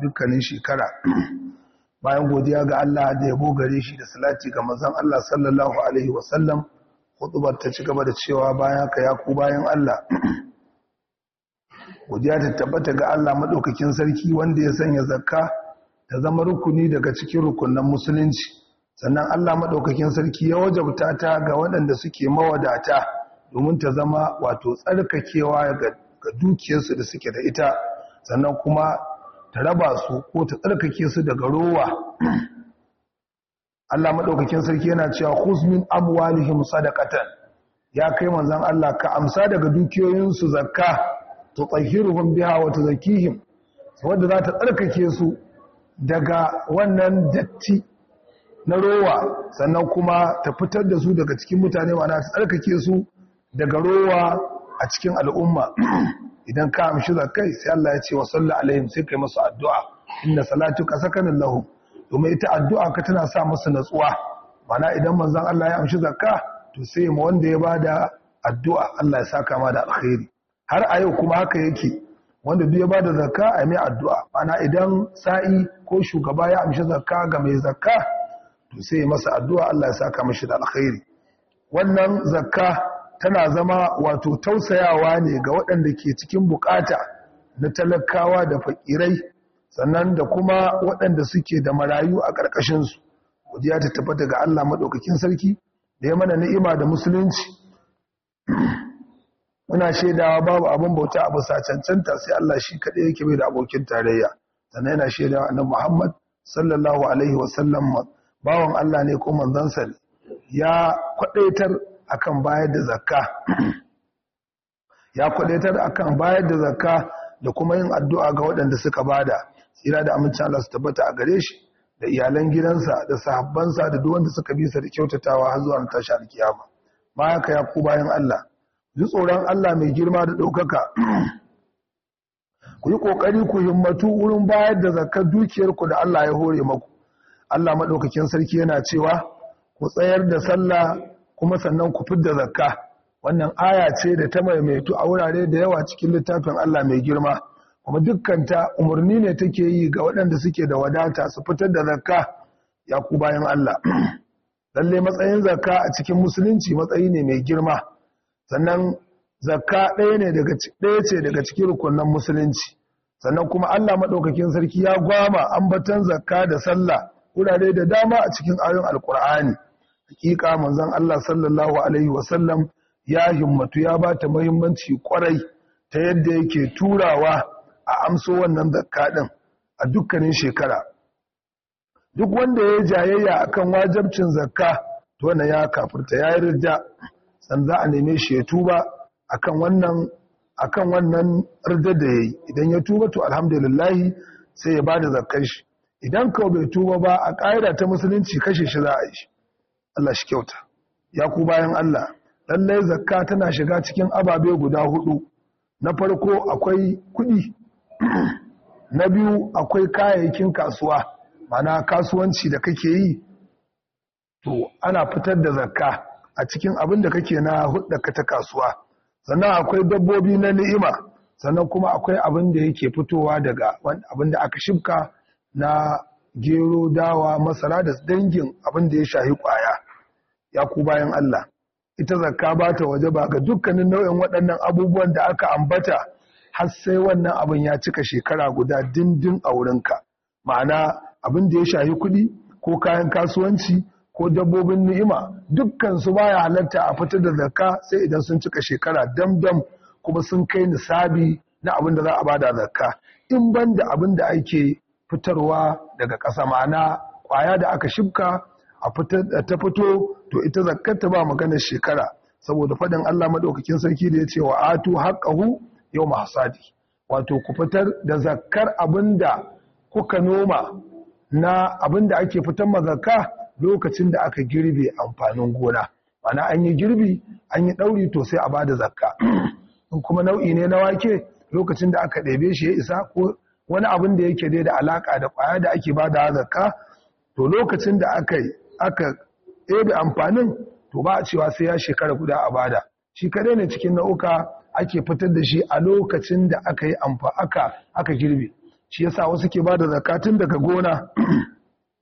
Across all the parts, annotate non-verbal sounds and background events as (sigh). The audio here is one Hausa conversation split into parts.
dukkanin shekara (clears throat) bayan godiya ga Allah da yabo gare shi da salati ga mazan Allah sallallahu alaihi wasallam hutubar ta ci gaba da cewa bayan ka ya ku bayan Allah (clears throat) godiya ta tabbata ga Allah madaukakin sarki wanda ya sanya zakka ta zama rukuni daga cikin rukunan musulunci sannan Allah madaukakin sarki ya wajabta ta ga waɗanda suke mawadata domin ta zama wato tsarkakewa ga dukiyarsu da suke da ita sannan kuma ta raba su ko ta tsarkake su daga rowa Allah madaukakin sarki yana cewa khuz min amwalihim sadaqatan ya kai manzon Allah ka amsa daga dukiyoyin su zakka tutahhiruhum biha wa tuzakihim wanda za ta tsarkake su daga wannan datti na rowa sannan kuma ta fitar da su daga cikin mutane ma'ana ta tsarkake su daga rowa a cikin al'umma idan ka amshi zakai sai Allah ya ce wa sallu alaihim sai kai masu addu'a inna salatuka sakanan lahu domin ita addu'a ka tana sa masu natsuwa mana idan manzon Allah ya amshi zakka to sai mu wanda ya bada addu'a Allah ya saka ma da alkhairi har a yau kuma haka yake wanda duk ya bada zakka a mai addu'a mana idan sa'i ko shugaba ya amshi zakka ga mai zakka to sai masa addu'a Allah ya saka mashi da alkhairi wannan zakka tana zama wato tausayawa ne ga waɗanda ke cikin bukata na talakawa da fakirai sannan da kuma waɗanda suke da marayu a ƙarƙashinsu godiya ta tabbata ga Allah maɗaukakin sarki da ya mana ni'ima da musulunci muna shaidawa babu abin bauta a bisa cancanta sai Allah shi kaɗai yake mai da abokin tarayya sannan yana shaidawa na Muhammad sallallahu alaihi wa sallam bawan Allah ne ko manzansa ne ya kwaɗaitar. akan bayar da zakka ya kwadaitar akan bayar da zakka da kuma yin addu'a ga waɗanda suka bada tsira da amincin Allah su tabbata a gare shi da iyalan gidansa da sahabbansa da duk wanda suka bisa da kyautatawa har zuwa tashi alkiyama ma haka ya ku bayan Allah ji tsoron Allah mai girma da ɗaukaka ku yi ƙoƙari ku himmatu wurin bayar da zakkar dukiyarku da Allah ya hore maku Allah maɗaukakin sarki yana cewa ku tsayar da sallah kuma sannan ku fidda zakka wannan aya ce da ta maimaitu a wurare da yawa cikin littafin Allah mai girma kuma dukkanta umarni ne take yi ga waɗanda suke da wadata su fitar da zakka ya ku bayan Allah (clears throat) lalle matsayin zakka a cikin musulunci matsayi ne mai girma sannan zakka ɗaya ne daga ɗaya ce daga cikin rukunin musulunci sannan kuma Allah madaukakin sarki ya gwama ambatan zakka da sallah wurare da dama a cikin ayoyin alkur'ani hakika manzon Allah sallallahu alaihi wasallam ya himmatu ya ba ta muhimmanci kwarai ta yadda yake turawa a amso wannan zakka din a dukkanin shekara duk wanda ya jayayya akan wajabcin zakka to wannan ya kafirta ya yarda san za a neme shi ya tuba akan wannan akan wannan rida da yayi idan ya tuba to alhamdulillah sai ya bada zakkar shi idan ka bai tuba ba a ƙa'ida ta musulunci kashe shi za a yi Allah shi kyauta ya ku bayan Allah lallai zakka tana shiga cikin ababe guda hudu na farko akwai kudi (clears throat) na biyu akwai kayayyakin kasuwa mana kasuwanci da kake yi to ana fitar da zakka a cikin abin da kake na ka ta kasuwa sannan akwai dabbobi na ni'ima sannan kuma akwai abin da yake fitowa daga abin da aka shibka na gero dawa masara da dangin abin da ya shahi kwaya ya ku bayan Allah ita zakka ba ta waje ba ga dukkanin nau'in waɗannan abubuwan da aka ambata har sai wannan abin ya cika shekara guda dindin a wurinka ma'ana abin da ya shahi kuɗi ko kayan kasuwanci ko dabbobin ni'ima dukkan su baya halatta a fitar da zakka sai idan sun cika shekara damdam kuma sun kai nisabi na abin da za a bada zakka in ban da abin da ake fitarwa daga ƙasa ma'ana ƙwaya da aka shibka a ta fito to ita ta ba maganar shekara saboda faɗin Allah madaukakin sarki da ya ce wa atu haqqahu yawma hasadi wato ku fitar da zakkar abinda kuka noma na abinda ake fitar mazakka lokacin da aka girbe amfanin gona ana an yi girbi an yi ɗauri to sai a bada zakka kuma nau'i ne na wake lokacin da aka ɗebe shi ya isa ko wani abin da yake dai da alaƙa da ƙwaya da ake ba da zakka to lokacin da aka yi aka ɗebe amfanin to ba a cewa sai ya shekara guda a bada shi kadai ne cikin nau'uka ake fitar da shi a lokacin da aka yi amfa aka aka girbe shi yasa wasu ke bada zakatun daga gona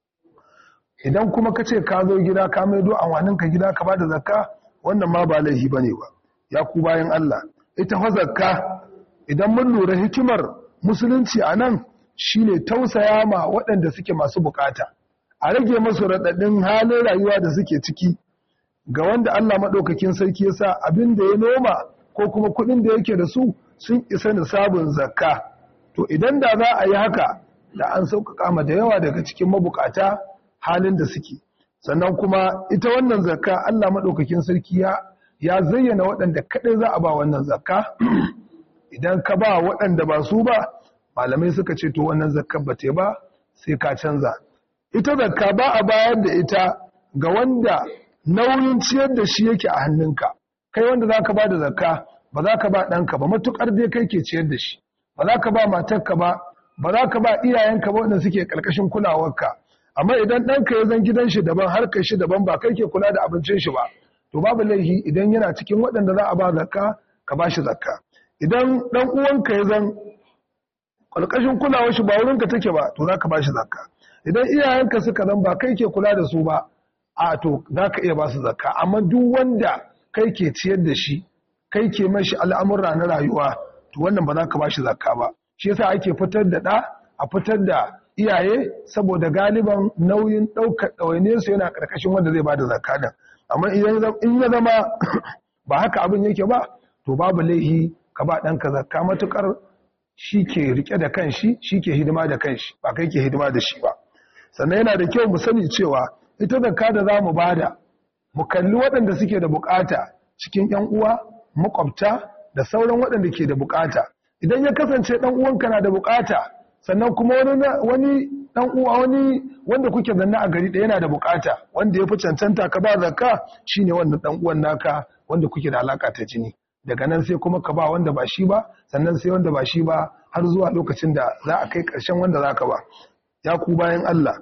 (clears throat) idan kuma ka ce ka zo gida ka maido amfanin ka gida ka bada zakka wannan ma ba laifi bane ba ya ku bayan Allah ita fa zakka idan mun lura hikimar musulunci a nan shine tausaya ma waɗanda suke masu bukata a rage masu raɗaɗin halin rayuwa da suke ciki ga wanda Allah maɗaukakin sarki ya sa abin da ya noma ko kuma kuɗin da yake da su sun isa nisabin zakka to idan da za a yi haka da an sauƙaƙa ma da yawa daga cikin mabukata halin da suke sannan kuma ita wannan zakka Allah maɗaukakin sarki ya zayyana waɗanda kaɗai za a ba wannan zakka (clears throat) idan ka ba waɗanda ba su ba malamai suka ce to wannan zakka ba yi ba sai ka canza ita zakka ba a bayar da ita ga wanda nauyin ciyar da shi yake a hannunka kai wanda za ka ba da zakka ba za ka ba ɗanka ba matuƙar dai kai ke ciyar da shi ba za ka ba matarka ba ba za ka ba iyayenka ba wanda suke ƙarƙashin kulawarka amma idan ɗanka ya zan gidan shi daban harkar shi daban ba kai ke kula da abincin shi ba to babu laifi idan yana cikin waɗanda za a ba zakka ka ba shi zakka idan ɗan uwanka ya zan ƙarƙashin kulawar shi ba wurinka take ba to za ka ba shi zakka idan iyayenka suka nan ba kai ke kula da su ba a to za ka iya ba su zakka amma duk wanda kai ke ciyar da shi kai ke mashi al'amurra na rayuwa to wannan ba za ka ba shi zakka ba shi yasa ake fitar da ɗa a fitar da iyaye saboda galiban nauyin ɗaukar ɗawaine su yana ƙarƙashin wanda zai ba da zakka nan amma in ya zama (coughs) ba haka abin yake ba to babu laihi ka ba ɗanka zakka matuƙar shi ke rike da kanshi shi ke hidima da kanshi ba kai ke hidima da shi ba sannan yana da kyau mu sani cewa ita zakka da za mu bada mu kalli waɗanda suke da bukata cikin yan uwa makwabta da sauran waɗanda ke da bukata idan ya kasance ɗan uwanka na da bukata sannan kuma wani ɗan uwa wani wanda kuke zanna a gari da yana da bukata wanda ya fi cancanta ka ba zakka shine wannan ɗan uwan naka wanda kuke da alaka ta jini daga nan sai kuma ka ba wanda ba shi ba sannan sai wanda ba shi ba har zuwa lokacin da za a kai ƙarshen wanda za ka ba ya ku bayan Allah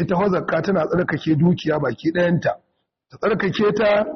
ita fa tana tsarkake dukiya baki ɗayanta ta tsarkake ta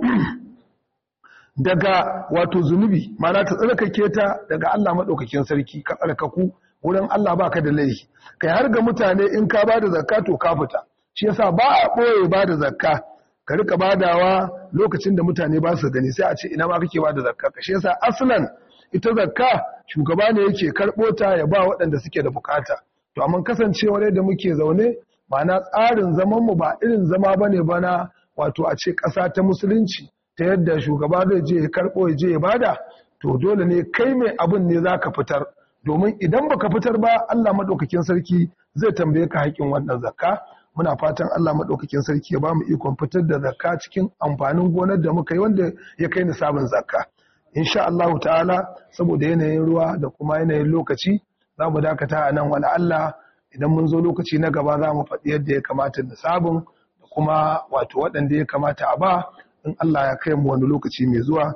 daga wato zunubi mana ta tsarkake ta daga Allah maɗaukakin sarki ka tsarkaku wurin Allah baka da laifi kai har ga mutane in ka bada zakka to ka fita shi yasa ba a boye bada zakka ka rika badawa lokacin da mutane ba su gani sai a ce ina ma kake bada zakka ka shi yasa aslan ita zakka shugaba ne yake karɓo ta ya ba waɗanda suke da bukata to amma kasancewar yadda muke zaune ma'ana tsarin zamanmu ba irin zama ba ne bana wato a ce ƙasa ta musulunci ta yadda shugaba zai je ya karɓo ya je ya bada to dole ne kai mai abin ne za ka fitar domin idan baka fitar ba Allah maɗaukakin sarki zai tambaye ka haƙƙin wannan zakka muna fatan Allah maɗaukakin sarki ya ba mu iko fitar da zakka cikin amfanin gonar da muka yi wanda ya kai sabon zakka insha Allah ta'ala saboda yanayin ruwa da kuma yanayin lokaci za mu dakata a nan wala Allah idan mun zo lokaci na gaba za mu faɗi yadda ya kamata nisabin da kuma wato waɗanda ya kamata a ba in Allah ya kai mu wani lokaci mai zuwa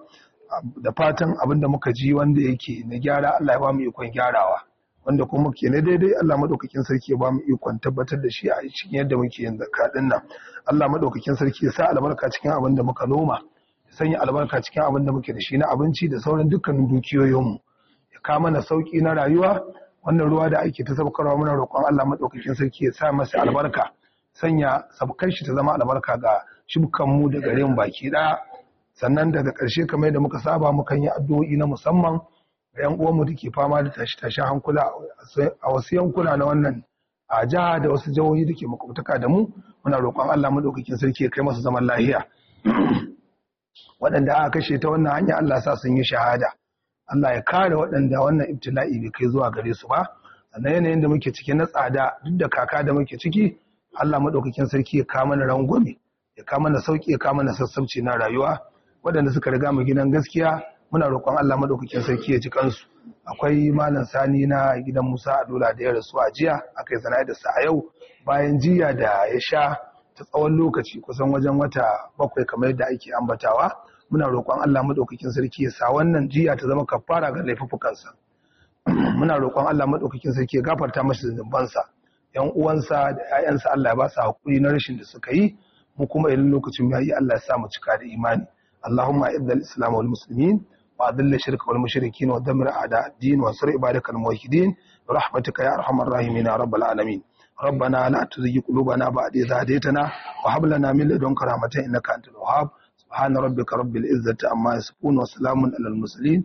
da fatan abin da muka ji wanda yake na gyara Allah ya ba mu ikon gyarawa wanda kuma ke na daidai Allah madaukakin sarki ya ba mu ikon tabbatar da shi a cikin yadda muke yin zakka nan Allah madaukakin sarki ya sa albarka cikin abin da muka noma ya sanya albarka cikin abin da muke da shi na abinci da sauran dukkanin dukiyoyinmu ya kama na sauki na rayuwa wannan ruwa da ake ta sabkarwa muna roƙon Allah maɗaukakin sarki ya sa masa albarka sanya sabkar shi ta zama albarka ga shibkan mu da garin baki da sannan daga ƙarshe kamar da muka saba mukan yi addu'o'i na musamman ga yan uwanmu da ke fama da tashi-tashi hankula a wasu yankuna na wannan a jiha da wasu jihohi da ke makwabtaka da mu muna roƙon Allah maɗaukakin sarki ya kai masu zaman lafiya. waɗanda aka kashe ta wannan hanya Allah sa sun yi shahada Allah ya kare waɗanda wannan ibtila'i bai kai zuwa gare su ba sannan yanayin da muke ciki na tsada duk da kaka da muke ciki Allah maɗaukakin sarki ya kama na rangwame ya kama na sauƙi ya kama na sassauci na rayuwa waɗanda suka riga mu gidan gaskiya muna roƙon Allah maɗaukakin sarki ya ji kansu akwai malam sani na gidan Musa Adola da ya rasu a jiya akai sana'a da sa a yau bayan jiya da ya sha ta tsawon lokaci kusan wajen wata bakwai kamar yadda ake ambatawa muna roƙon Allah maɗaukakin sarki ya sa wannan jiya ta zama kafara ga laifukansa (clears throat) muna roƙon Allah maɗaukakin sarki ya gafarta mashi zunubansa yan uwansa da ƴaƴansa Allah ya ba su hakuri na rashin da suka yi mu kuma idan lokacin ya yi Allah ya sa mu cika da imani Allahumma a'idda al-islam wal muslimin wa adilla shirka wal mushrikin wa damir a'da ad-din wa sir ibadakal muwahhidin rahmatuka ya arhamar rahimin ya rabbal alamin ربنا لا تزغ قلوبنا بعد إذ هديتنا وهب لنا من لدنك رحمة إنك أنت subhana rabbika rabbil izzati amma yasifun wa salamun alal mursalin